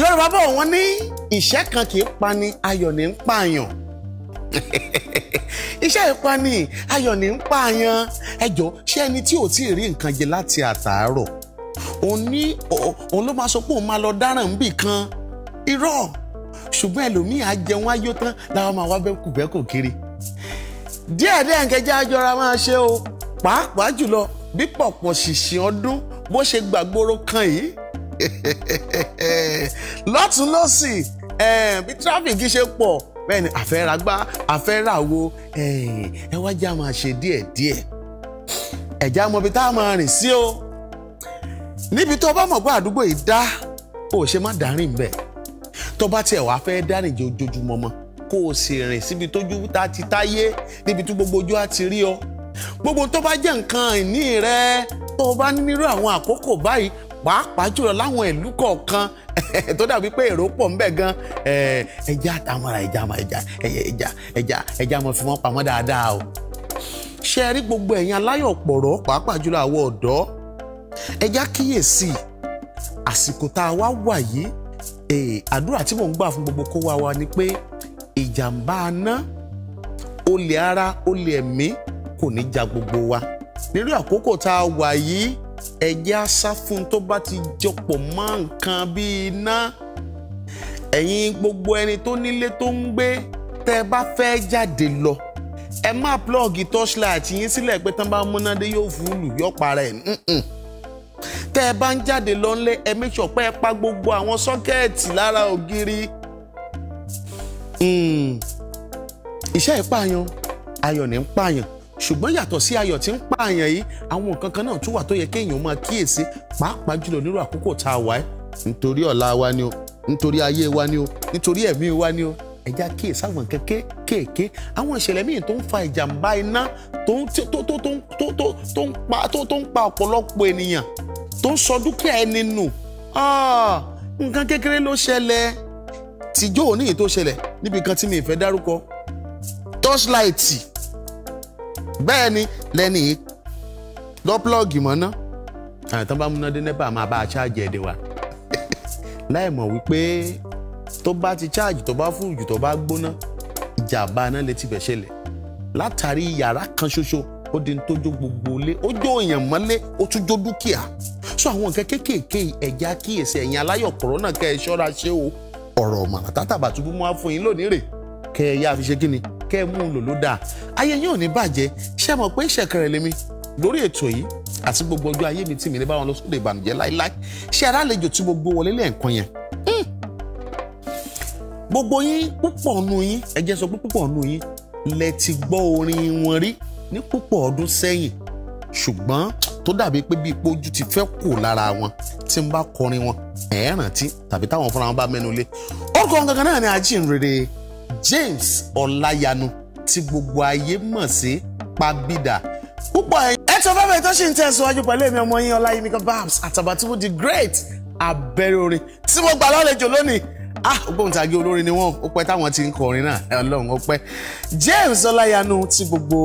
Yorùbá bọ̀ wọ́n ní ìṣẹ́ kan kì í pani ayọ̀ ní ń pààyàn iṣẹ́ ìpani ayọ̀ ní ń pààyàn ẹjọ́ ṣé ẹni tí ò tí ì rí nǹkan jẹ láti àtàárọ̀ òun ní òun ló máa sọ pé òun máa lọ dáràn níbì kan irọ́ ṣùgbọ́n ẹlòmíì á jẹun ayó tán làwọn máa wá bẹ́kùbẹ́kù kiri díẹ̀ díẹ̀ nkẹjẹ́ àjọra máa ṣe o pàápàá jùlọ bí pọ̀pọ̀ ṣìṣì ọdún bó ṣe gbàgbóró kan yìí lọ́tún lọ́sì bí tráfíkì ṣe pọ̀ bẹ́ẹ̀ ni àfẹ́ragbá àfẹ́ràwo ẹ wá já máa ṣe díẹ̀díẹ̀ ẹ̀já mọ ibi tá a máa rìn sí o níbi tó bá mọ̀ pé àdúgbò yìí dá ò ṣe má dárìn bẹ́ẹ̀ tó bá tiẹ̀ wàá fẹ́ dárìn jẹ ojoojúmọ́ mọ́ kó o sì rìn síbi tójú tá a ti táyé níbi tí gbogbo ojú á ti rí ọ gbogbo tó bá jẹ́ nǹkan ìní rẹ tó o bá nírú àwọn àkókò báyìí pàápàá jùlọ láwọn ìlú kọ̀ọ̀kan tó dàbí pé èrò pọ̀ ńbẹ̀ gan ẹja tamara ẹja ẹja ẹja ẹja ẹja mọ̀ fi wọ́n pamọ́ dáadáa o ṣe rí gbogbo ẹ̀yin aláyọ̀ pọ̀rọ̀ pàápàá jùlọ àwọn ọ̀dọ́ ẹja àsìkò tá a wá wà yìí àdúrà tí mò ń gbà fún gbogbo kó wá gbogbo wa nírú àkókò tá a wà ẹ̀jẹ̀ asá fún tó bá ti jọpọ̀ mọ́ nǹkan bíi iná ẹ̀yin gbogbo ẹni tó nílé tó ń gbé tẹ́ ẹ bá fẹ́ jáde lọ ẹ má plọ́ọ̀gì torchlight yín sílẹ̀ pé tán bá múná dé yóò fúlù yọ para tẹ́ ẹ bá ń jáde lọ ńlé ẹ make sure ẹ pa gbogbo àwọn sọ́kẹ́ẹ̀tì lára ògiri hmm. iṣẹ́ ìpààyàn ayọ̀ ní ń pààyàn ṣùgbọ́n yàtọ̀ sí ayọ̀ tí ń pààyàn yìí àwọn nǹkan kan náà tún wà tó yẹ kéèyàn máa kíyèsí pàápàá jùlọ nírú àkókò tá a wà ẹ́ nítorí ọ̀la wa ni o nítorí ayé wa ni o nítorí ẹ̀mí wa ni o ẹja kíyèsí àwọn nǹkan kéékèèké àwọn ìṣẹ̀lẹ̀ míì tó ń fa ìjàmbá iná tó ń pa ọ̀pọ̀lọpọ̀ ènìyàn tó ń sọ dúkìá ẹni nù ah, nǹkan kékeré ló ṣẹlẹ̀ tìjọ́ òní yìí tó ṣẹlẹ̀ níbi kan tí mi ì fẹ́ dárúkọ bẹ́ẹ̀ ni lẹ́ni lọ́pọ̀lọ́ọ̀gì mọ́ná àtàn bá múná dé nẹ́pà máa bá a ṣáàjì ẹ̀dẹ̀ wa láì mọ̀ wípé tó bá ti ṣáàjì tó bá fúrùjù tó bá gbóná ìjàmbá náà lè ti bẹ̀ ṣẹlẹ̀ látàrí yàrá kan ṣoṣo ó di tó jó gbogbo ilé ó jó èèyàn mọ́lé ó tún jó dúkìá sọ àwọn nǹkan kéékèèké ẹ̀já kíyèsí ẹ̀yin aláyọ̀ kòrónà kẹ́ ẹ ṣọ́ra ṣe o ọ̀rọ̀ màrà tátàbà túbú mọ́ fún yín lónìí rè kẹ́ ẹ yá fi ṣe kí ni kẹ́ ẹ mú un lò ló dáa ayé yín ò ní bàjẹ́ ṣé mọ̀ pé ìṣẹ̀kẹrẹ lèmi lórí ètò yìí àti gbogbo ọjọ́ ayé mi tí mi ní báwọn lọ sóde ìbànújẹ́ láíláí ṣé arálejò tí gbogbo wọlé lẹ́ẹ̀kan yẹn hmm. gbogbo yín púpọ̀ nù yín ẹ jẹ́ sọ pé púpọ̀ nù yín lẹ ti gbọ́ orin wọn rí ní púpọ̀ ọdún sẹ́yìn ṣùgbọ́n tó dàbí pé bí ipò ojú ti fẹ́ kù lára wọn tí ń bá kọrin wọn ẹ tàbí táwọn fúnra wọn bá mẹ́nu lé orúkọ gangan náà ni ajínrere James Ọláyanú tí gbogbo ayé mọ̀ sí Pabida púpọ̀ ẹ̀yìn. ẹ tó fẹ́fẹ́ tó ṣì ń tẹ̀síwájú pẹ̀lú èmi ọmọ yín Ọláyímíkan Babs Àtàbàtúbú the great abẹ́rẹ́ orin tí mo gbà lálejò lónìí ah ògbóǹtagì olórin ni wọn ó pẹ́ táwọn ti ń kọrin náà Ọlọ́run ó pẹ́ James Ọláyanú tí gbogbo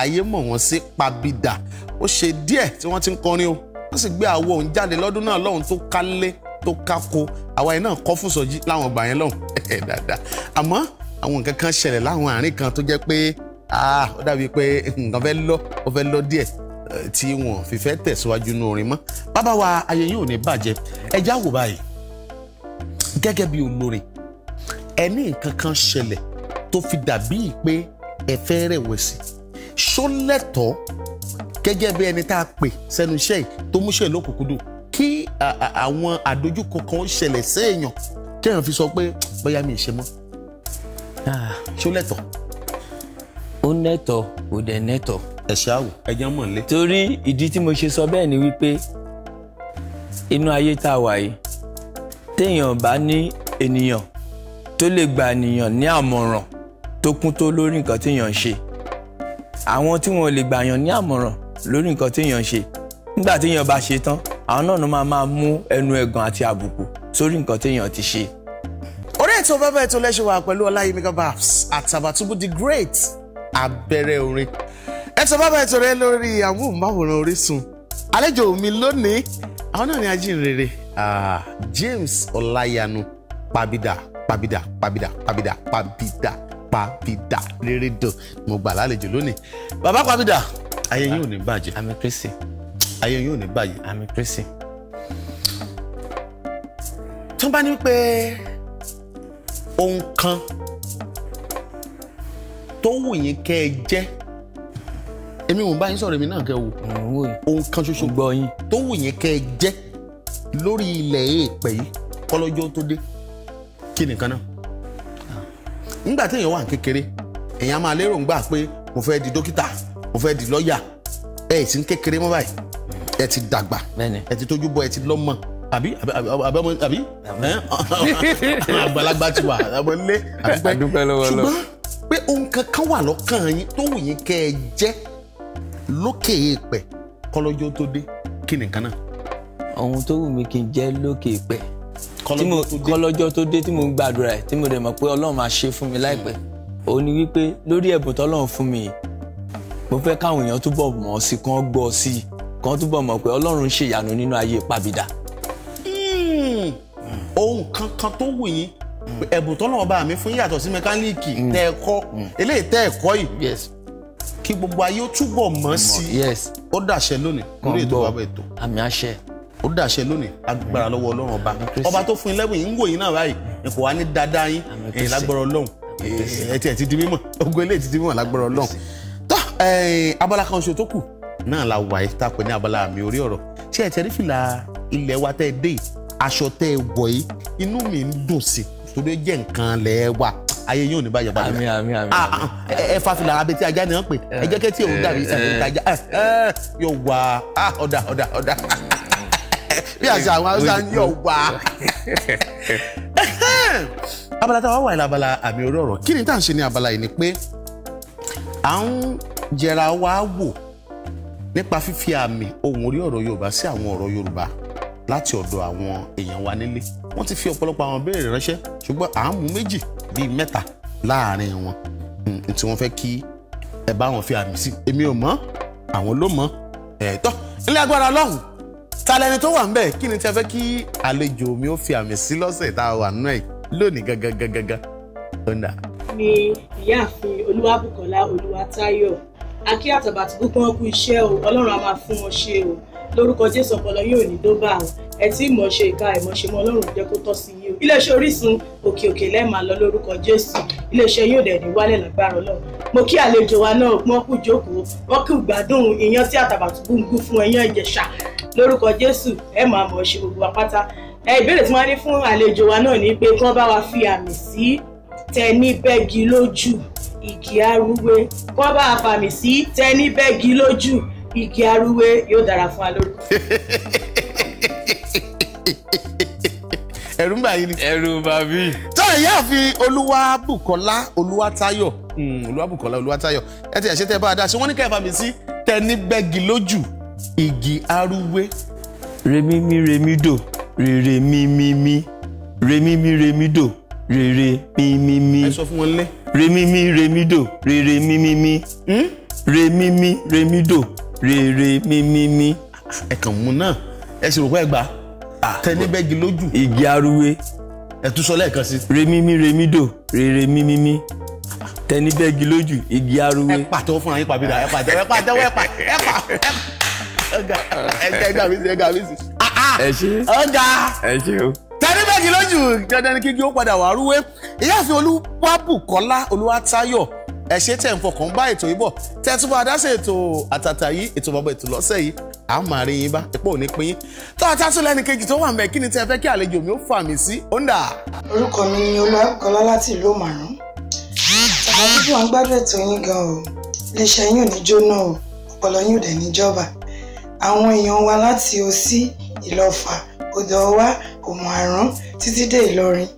ayé mọ̀ wọ́n sí Pabida ó ṣe díẹ̀ tí wọ́n ti ń kọrin o wọ́n sì gbé àwo òun jáde lọ́dún náà lọ́hùn tó kálé tó kákó àwa yìí náà kọ́ fún sọ́jí láwọn ọgbà yẹn lọ́hùn dáadáa àmọ́ àwọn nǹkan kan ṣẹlẹ̀ láwọn àárín kan tó jẹ́ pé ah, ó dàbí pé nǹkan fẹ́ lọ ó fẹ́ lọ díẹ̀ eh, tí wọn fi fẹ́ tẹ̀síwájú nínú orin mọ́ bàbá wa ayé yóò ní bàjẹ́ ẹja wò báyìí gẹ́gẹ́ bí olórin ẹni nǹkan kan ṣẹlẹ̀ tó fi dàbí pé ẹ fẹ́ rẹ̀wẹ̀sì ṣó gẹ́gẹ́ bí ẹni tá a pè sẹ́nu iṣẹ́ yìí tó múṣẹ́ lókùnkúndùn kí àwọn àdójúkọ kan ṣẹlẹ̀ séèyàn kéèyàn fi sọ pé bóyá mi ì ṣe mọ́ Ah. ṣó lẹ́tọ̀. ó nẹ́tọ̀ kò dẹ̀ nẹ́tọ̀. ẹ ṣáàwò ẹjẹ mọ̀ nílé. torí ìdí tí mo ṣe sọ bẹ́ẹ̀ ni wípé inú ayé tá a wà yìí téèyàn bá ní ènìyàn tó lè gba ènìyàn ní àmọ̀ràn tó kún tó lórí nǹkan téèyàn ń ṣe àwọn tí wọn ò lè gbà yàn ní àmọ̀ràn lórí nǹkan téèyàn ń ṣe nígbà téèyàn bá ṣe tán àwọn náà máa máa mú ẹnu ẹ̀gàn àti àbùkù sórí nǹkan téèyàn ti ṣe ètò bàbá ètò lẹ́sẹ̀ wà pẹ̀lú ọláyímíkà babs àtàbàtúbú the great abẹ́rẹ́ orin ètò bàbá ètò rẹ lórí amóhùnmáwòrán orísun àlejò mi lónìí àwọn náà ní ajínrere ah, james ọláyanu pabida pabida pabida pabida pabida pabida rérédò mo gbà lálejò lónìí bàbá pabida ayé yín ò ní bàjẹ́ àmì kristi ayé yín ò ní bàjẹ́ àmì kristi tó bá ní pé ohun kan tó wù yín kẹ́ ẹ jẹ́ èmi ò bá yín sọ̀rọ̀ èmi náà kẹ́ wò ohun kan ṣoṣo tó wù yín kẹ́ ẹ jẹ́ lórí ilẹ̀ èèpẹ̀ yìí kọ́lọ́jọ́ tó dé kí nìkan náà nígbà téèyàn wà kékeré èèyàn máa lérò ń pé mo fẹ́ di dókítà mo fẹ́ di lọ́ọ̀yà ẹ̀ sì ń kékeré mọ́ báyìí ẹ ti dàgbà ẹ ti tójú bọ ẹ ti lọ́mọ àbí àbẹ́mọ àbí àgbàlagbà ti wà àbọ̀ nílé àdúpẹ́ ṣùgbọ́n pé ohun kankan wà lọ́kàn yín tó wù yín kẹ́ ẹ jẹ́ lókè èèpẹ̀ kọ́lọ́jọ́ tó dé kí nìkan náà. ohun tó wù mí kí n jẹ́ lókè èèpẹ̀ kọ́lọ́jọ́ tó dé tí mo ń gbàdúrà ẹ̀ tí mo dẹ̀ mọ̀ pé ọlọ́run máa ṣe fún mi láìpẹ́ òun ni wípé lórí ẹ̀bùn tọ́lọ́run fún mi mo fẹ́ káwọn èèyàn túbọ̀ mọ̀ sí kán gbọ́ sí kán túbọ̀ mọ̀ pé ọlọ́run ṣèyanu nínú ayé pàbídà ohun kankan tó wù yín ẹ̀bùn tọ́lọ́wọ́ bá mi fún yàtọ̀ sí mẹkáníìkì mm. tẹ́ ẹ kọ́ mm. eléyìí tẹ́ ẹ kọ́ yìí kí gbogbo ayé ó túbọ̀ mọ̀ sí ó dàṣẹ lónìí lórí ètò bàbá ètò àmì àṣẹ ó dàṣẹ lónìí agbára lọ́wọ́ ọlọ́run ọba ọba tó fún yín lẹ́bùn yín ń wò yín náà báyìí kò wá ní dáadáa yín èyí lágbára ọlọ́run ẹtì ẹtì di mímọ̀ ogun eléyìí ti di mímọ̀ lágbára ọlọ́run tó abala kan ṣo tó kù náà la wà yìí tá a pè ní abala àmì orí ọ̀rọ̀ ṣé ẹ tẹrí fìlà ilẹ̀ wa tẹ́ ẹ dé yìí aṣọ tẹ́ ẹ wọ̀ yìí inú mi ń dùn sí torí ó jẹ́ nǹkan lẹ́ wà ayé yóò ní bàjẹ́ bàjẹ́ àmín àmín àmín ah, ah, ẹ fa fìlà abẹ tí ajá ni wọ́n pè eh, ẹ jẹ́ kẹ́tì òun dàbí ìsàlẹ̀ eh, ìtajà eh. yóò wà ah, ọ̀dà ọ̀dà ọ̀dà bí àṣà àwọn haúsá yóò wà abala táwa wà ní abala àmì orí ọ̀rọ̀ kí ni tá à ń ṣe ní abala yìí ni pé à ń jẹra wa wò nípa fífi àmì ohùn orí ọ̀rọ̀ yorùbá sí àwọn ọ̀rọ̀ yorùbá láti ọ̀dọ̀ àwọn èèyàn wa nílé wọ́n ti fi ọ̀pọ̀lọpọ̀ àwọn béèrè ránṣẹ́ ṣùgbọ́n à ń mú méjì bíi mẹ́ta láàrin wọn hmm, tí wọ́n fẹ́ kí ẹ bá wọn fi àmì sí èmi ò mọ̀ àwọn ló mọ̀ ẹ̀ tọ́ ilé agbára ọlọ́run ta lẹni tó wà ń bẹ̀ kí ni tí a fẹ́ kí àlejò mi ó fi àmì sí lọ́sẹ̀ tá a wà nú ẹ̀ lónìí gangan gangan gangan ọ̀nà. ni ìyáàfin olúwabùkọ́lá olúwatáyọ̀ akí àtàbàtúbú pọ́n kú iṣẹ́ o ọlọ́run á máa fún wọn ṣe o lórúkọ jésù ọpọlọ yóò ní dóbà àwọn ẹ tí ìmọ̀ ṣe ìka ìmọ̀ ṣe mọ ọlọ́run jẹ́ kó tọ́ sí yìí o iléeṣẹ́ orísun òkè òkè lẹ́ẹ̀ma lọ lórúkọ jésù iléeṣẹ́ yóò dẹ̀ ní wálẹ̀ lágbára ọlọ́run mo kí àlejò wa náà wọ́n kú jókòó wọ́n kú gbádùn iyán tí àtàbàtúbú ń gún fún ẹyán ìjẹ̀ṣà lórúkọ jésù ẹ máa mọ̀ ṣe gbogbo apáta ẹ ìbéèrè tí wọ́n ní fún àlejò wa náà ni pé kí wọ́n bá wa fi àmì sí tẹni bẹ́gi lójú ìkí arúgbó kí wọ́n bá wa fàmì sí tẹni bẹ́gi lójú igi arúwé yóò dára fún alórí. ẹ̀rù ń bà yín ni. ẹ̀rù bà mí. tó ìyáàfin olúwabùkọ́lá olúwatáyọ̀ hmm, olúwabùkọ́lá olúwatáyọ̀ ẹ ti ẹ̀ṣẹ́ tẹ́ bá a dá ṣe wọ́n ní kẹ́ẹ̀fà mi sí tẹni bẹ́gi lójú igi arúwé. remimi remido rere mi remimi remido rere mímímí. ẹ sọ fún wọn mi remimi remido rere mímímí. Hmm? remimi remido rere mímímí. ẹ kàn mú náà ẹ sì rò pé ẹ gbà tẹni bẹ́gi lójú. igi aruwe. ẹ tún sọ lẹ́ẹ̀kan sí. remimi remido rere mímímí tẹni bẹ́gi lójú igi aruwe. ẹ pàtẹ́wọ́ fún ayé pàbí rà ẹ pàtẹ́wọ́ ẹ pàtẹ́wọ́ ẹ pàtẹ́wọ́ ẹ gà mí sí ẹ gà mí sí. ẹ ṣe ọ̀gá ẹ ah, ah. ṣe o. tẹni bẹ́gi lójú dandan kíkí ó padà wà rúwé ìyáàfin olúwàbùkọ́lá olúwatáyọ̀ ẹ ṣé tẹ̀ ń fọkàn bá ètò yìí bọ̀ tẹ́ tún bá dá sí ètò àtàtà yìí ètò bàbá ètò lọ́sẹ̀ yìí à máa rí yín bá epo ò ní pín yín tó tún lẹ́nu kejì tó wà ń bẹ kí ni tẹ́ fẹ́ kí àlejò mi ó fà mí sí ọ̀ndà. orúkọ mi ni Olúwabùkọ́lá láti ìlú Òmàrún àwọn bíbí wọn gbádùn ètò yín gan o iléeṣẹ́ yín ò ní jóná o ọpọlọ yín ò dẹ̀ níjọba àwọn èèyàn wa láti Òsì Ìlọ́fà Odò Ọwá Òmàrún títí dé Ìlọrin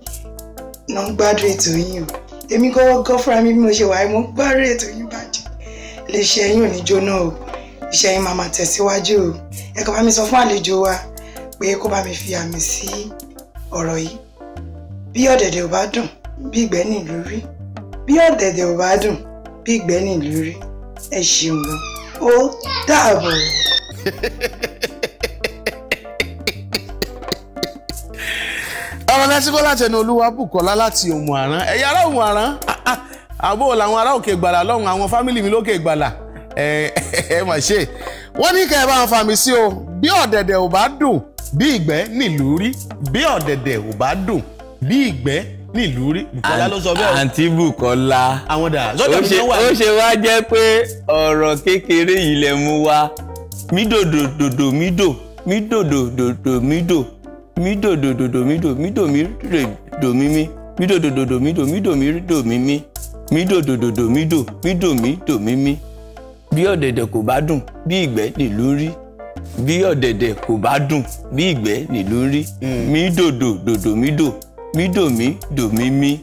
ló ń gbádùn ètò yín o èmi gọ́wọ́gọ́ fúnra mi bí mo ṣe wà mo gbáre ètò yín bàjẹ́ lè ṣe ẹ̀yin ò ní jóná o iṣẹ́ yín máa tẹ̀síwájú o ẹ kàn bá mi sọ fún àlejò wa pé kó bá mi fi àmì sí ọ̀rọ̀ yìí bí ọ̀dẹ̀dẹ̀ ò bá dùn bí ìgbẹ́ nìlú rí bí ọ̀dẹ̀dẹ̀ ò bá dùn bí ìgbẹ́ nìlú rí ẹ ṣeun gan ó dàbọ̀. ọ̀rọ̀ lẹ́sìnkọ́ láti ẹnu Olúwabùkọ́lá láti Òmù Àrán ẹ̀yà ará Òmù Àrán àbò làwọn ará Òkè Ìgbàlà lọ́hùn àwọn fámìlì mi lókè Ìgbàlà ẹ mà ṣe wọ́n ní kẹ́ ẹ bá wọn fà sí o bí ọ̀dẹ̀dẹ̀ ò bá dùn bí ìgbẹ́ nílùú rí bí ọ̀dẹ̀dẹ̀ ò bá dùn bí ìgbẹ́ nílùú rí Bùkọ́lá ló sọ bẹ́ẹ̀. àǹtí Bùkọ́lá ó ṣe wá jẹ́ pé ọ̀rọ̀ kékeré yìí lẹ mú mídòdòdòdò mídò mídòdòdòdò mídò mi dò dò dò dò mi dò mi dò mi rè dò mi mi mi dò dò dò dò mi dò mi dò mi dò mi mi mi dò dò dò mi dò mi dò mi dò mi mi. bí ọ̀dẹ̀dẹ̀ kò bá dùn bí ìgbẹ́ nìlú rí bí ọ̀dẹ̀dẹ̀ kò bá dùn bí ìgbẹ́ nìlú rí mi dò dò dò dò mi dò mi dò mi dò mi mi.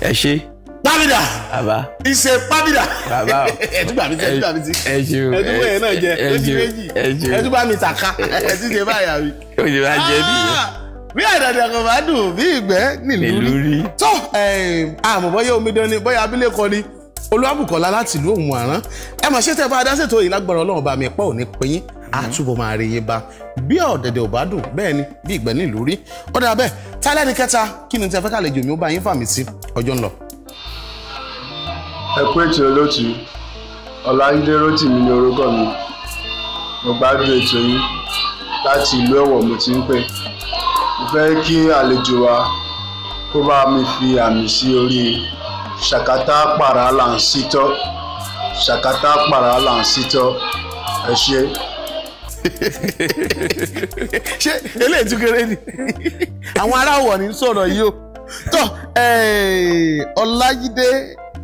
ẹ ṣé pamida baba iṣẹ pamida baba ẹdúgba mi ti ẹdúgba mi ti ẹdúgba yẹn náà jẹ méjì méjì ẹdúgba mi tàka ẹtí ṣe báyà mi. o ṣe máa jẹ bí yẹn. Ah, bí àdàdà kan bá dùn bí ìgbẹ́ nílùú rí tó àmọ́ bóyá omidan ni bóyá abilékọ ni Olúwabùkọ́lá láti ìlú Òmù Àrán ẹ mà ṣe tẹ bá a dá ṣètò yìí lágbára Ọlọ́run bá mi pọ̀ ò ní pín àtúbọ̀ mm-hmm. máa rí yín bá bí ọ̀dẹ̀dẹ̀ ò bá dùn bẹ́ẹ̀ ni bí ìgbẹ́ nílùú rí ọ̀dà bẹ́ẹ̀ tálẹ́ni kẹta kí ni tẹ fẹ́ kàlejò mi ó bá yín fà sí ọjọ́ ńlọ ẹ kú ètò olóòtú ọláyídé rótìmí ni orúkọ mi mo gbádùn ètò yìí láti ìlú ẹ̀wọ̀ mo ti ń pè mo fẹ́ kí àlejò wa kó bá mi fi àmì sí orí ṣàkátà pàrà là ń sítọ́ ṣàkátà pàrà là ń sítọ́ ẹ ṣe. ṣé eléyìí tún kéré ni àwọn ará ọ̀wọ̀ ní sọ̀rọ̀ yìí o tó eh, ọláyídé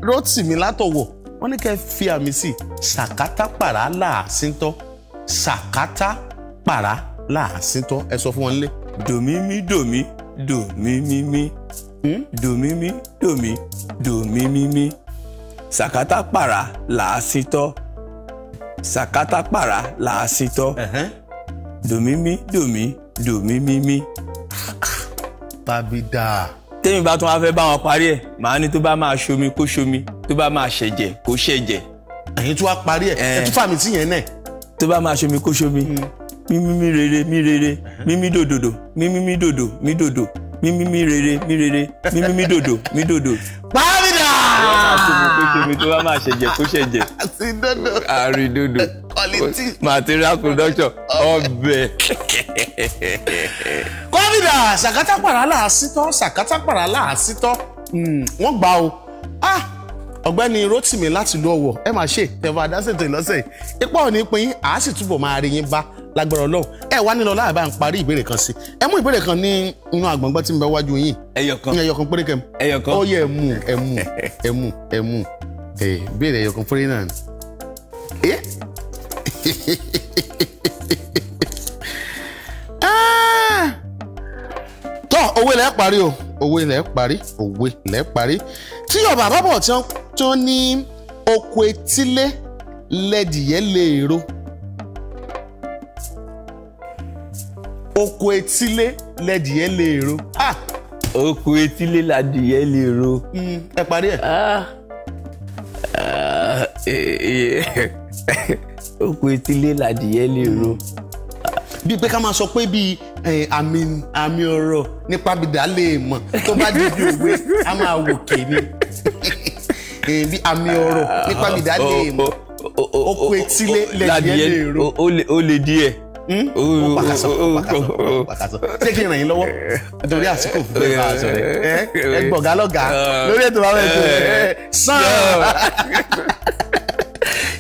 Rotimi Látọ̀wọ̀ wọ́n ní kẹ́ fi àmì sí ṣàkátà pàrà làásìntọ́ ṣàkátà pàrà làásìntọ́ ẹ sọ fún wọn lé. dòmímí dòmí dòmímímí hmm? dòmímí dòmí dòmímímí ṣàkátà pàrà làásìntọ́ ṣàkátà pàrà làásìntọ́ dòmímí dòmí dòmímímí. bábí dáa tẹ́mi bá tún wá fẹ́ bá wọn parí ẹ̀ màá ní tó bá máa ṣomi kó ṣomi tó bá máa ṣẹ̀jẹ̀ kó ṣẹ̀jẹ̀. ẹ̀yin tún wá parí ẹ̀ ẹ̀ tún fàmì tí yẹn náà. tó bá máa ṣomi kó ṣomi hmm. mímí mi rere mi rere mímí dòdòdò mímí mi dòdò mi dòdò mímí mi rere mi rere mímí mi dòdò mi dòdò. pàmìdà. tó bá máa ṣomi kó ṣomi tó bá máa ṣẹ̀jẹ̀ kó ṣẹ̀jẹ̀. àti dodo. àrí dodo. quality. material production ọbẹ̀. gómìnà ṣàkátàpàrà làásítọ́ ṣàkátàpàrà làásítọ́ hmm, wọn gbà o ah, ọ̀gbẹ́ni Rotimi láti lu ọwọ́ ẹ máa ṣe tẹ̀fọ́ adásètò ìlọ́sẹ̀ ipa ò ní pin àá sì máa rí yín bá lágbára Ọlọ́run ẹ wá nílọ ń kan sí ẹ mú kan ní inú tí wájú yín ẹyọkan ẹyọkan péré kẹm ẹyọkan ó yẹ ẹmu ẹmu ẹmu ẹmu tọ́ òwe lẹ́ẹ̀ parí o òwe lẹ́ẹ̀ parí òwe lẹ́ẹ̀ parí tí Yorùbá bá bọ̀ tí wọ́n ní oko etílé lẹ́dìyẹ léèrò oko etílé lẹ́dìyẹ léèrò ah oko etílé ládìyẹ léèrò. Hmm, ẹ parí ẹ. Ah! Ah! Eh, eh. oko etílé ládìyẹ léèrò. Mm bíi pé ká máa sọ pé bíi àmì àmì ọ̀rọ̀ nípa bìdá lè mọ̀ tó bá di bí òwe a máa wò ké ni bíi àmì ọ̀rọ̀ nípa bìdá lè mọ̀ oko etílé lẹ́yìn O ó le díẹ̀ O hmm? pàkàsọ O pàkàsọ ṣé kí n ràn yín lọ́wọ́ nítorí àsìkò fún mi máa sọ̀rọ̀ ẹ gbọ̀gá lọ́gàá lórí ètò bàbá ètò ẹ eh. sàn.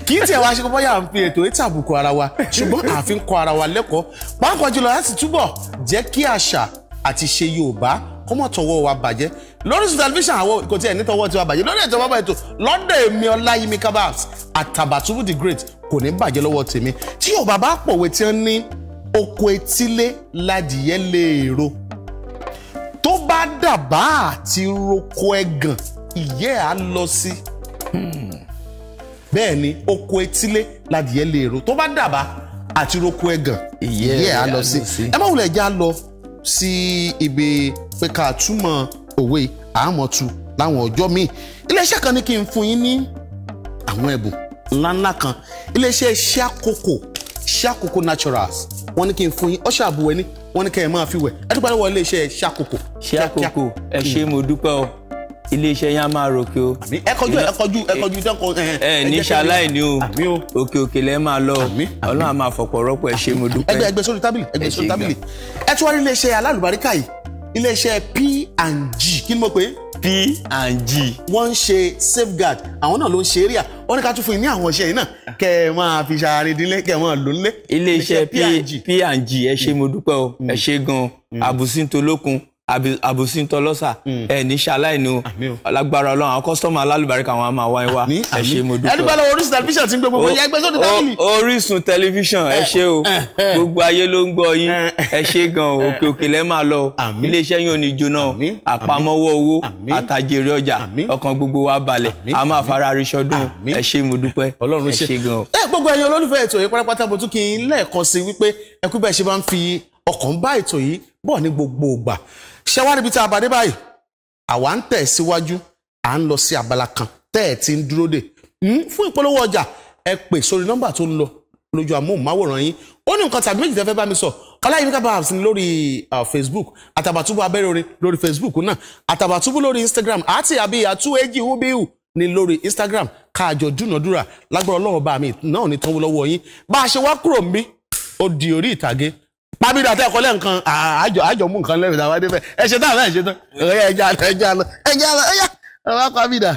kì í tiẹ̀ wá ṣe kọ́kọ́ yà ń fi ètò ètò àbùkù ara wa ṣùgbọ́n àfi ń kọ́ ara wa lẹ́kọ̀ọ́ pàápàá jùlọ láti túbọ̀ jẹ́ kí àṣà àti ṣe Yorùbá kó mọ̀ tọwọ́ wa bàjẹ́ lórísun tẹlifíṣàn àwọn kò tiẹ̀ ní tọwọ́ tiwa bàjẹ́ lórí ètò bàbá ètò lọ́dọ̀ èmi Ọláyími Kabas Àtàbàtúbù the great kò ní bàjẹ́ lọ́wọ́ tèmi tí Yorùbá bá pòwe tí ń ní oko etílé ládìyẹ léèrò tó bá dàbá àti roko ẹ̀gàn ìyẹ́ à lọ sí. Hmm bẹ́ẹ̀ ni oko etílé ladìyẹ lè ro tó bá dàbà àti roko ẹ̀gàn ìyẹ́ à lọ sí ẹ má wulẹ̀ já lọ sí ibi pé ká túmọ̀ òwe àmọ̀tú láwọn ọjọ́ míì iléeṣẹ́ kan ní kí n fún yín ní àwọn ẹ̀bùn ńláńlá kan iléeṣẹ́ ṣàkókò ṣàkókò naturals wọ́n ní kí n fún yín ọṣẹ àbúwẹ ní wọ́n ní kẹ́ ẹ máa fi wẹ̀ ẹ dúpẹ́ lọ́wọ́ iléeṣẹ́ ṣàkókò. ṣàkókò ẹ ṣé mo dúpẹ́ o iléeṣẹ́ yẹn á máa ròkè o. àmì ẹ kọjú ẹ kọjú ẹ kọjú dẹ́kọ ẹ ní ṣaláì ní o òkè òkè lẹ́ẹ̀ máa lọ ọlọ́run á máa fọ̀pọ̀ rọ́pò ẹ ṣé mo dúpẹ́. ẹgbẹ́ ẹgbẹ́ sórí tábìlì ẹgbẹ́ sórí tábìlì ẹ tún wá rí iléeṣẹ́ alálùbáríkà yìí iléeṣẹ́ P&G kí ni mo pè é. P&G. wọ́n ń ṣe safeguard àwọn náà ló ń ṣe area wọ́n ní ká tún fún yín ní àwọn ọṣẹ yìí náà kẹ́ ẹ máa fi ṣàárẹ̀ ìdílé kẹ́ ẹ máa lò nílé. iléeṣẹ́ P&G ẹ ṣé mo dúpẹ́ o ẹ mm. ṣé gan-an mm. àbùsí àbòsí ntọ́lọ́sà hmm. ẹ ní ṣaláìní o alágbára ọlọ́run àwọn kọ́sítọ́mù alálùbáríkà wọn a máa wá wá ẹ ṣe mo dúpẹ́. ẹnubàlọ orísun tẹlifíṣàn ti ń gbé gbogbo ẹgbẹ́ sóde tábìlì. orísun tẹlifíṣàn ẹ eh, ṣe o eh, eh. gbogbo ayé ló ń gbọ́ yín ẹ ṣe gan òkè òkè lẹ́ máa lọ o iléeṣẹ́ yín ò ní jóná o àpamọ́wọ́ owó àtàjèrè ọjà ọkàn gbogbo wa balẹ̀ a máa fara aṣọdún ẹ ṣe mo dúpẹ́ ẹ ṣe gan. ẹ gbogbo ẹ̀yin olólùfẹ́ ètò yìí fi ọkàn bá ètò yìí bọ̀ ní gbogbo ìgbà ṣé wá níbi tí a bá dé báyìí àwa ń tẹ̀ síwájú à ń lọ sí abala kan tẹ́ ẹ̀ ti ń dúró dè hmm, fún ìpolówó ọjà ẹ pè sórí nọ́mbà tó ń lọ lójú amóhùnmáwòrán yín ó ní nǹkan tàbí méjì tẹ́ fẹ́ bá mi sọ ọláyínká babs ni lórí facebook àtàbàtúbù abẹ́rẹ́ orin lórí facebook náà àtàbàtúbù lórí instagram àti àbí àtú èjì húbíhù ni lórí instagram káàjọ dúnàdúrà lágbára ọlọ́run bá mi náà ní tọ́wọ́ lọ́wọ́ yín bá a ṣe wá kúrò ń ó di orí ìtàgé pàmìlà tẹ́ ẹ̀kọ́ lẹ́ǹkan àjọ àjọ mú nǹkan lẹ́rìndà wá dé fẹ́ ẹ ṣe tán àbẹ́ ẹ ṣe tán ẹ jẹ́ àlọ́ ẹ jẹ́ àlọ́ ẹ jẹ́ àlọ́ ẹ yá ọ̀rọ̀ pàmìlà.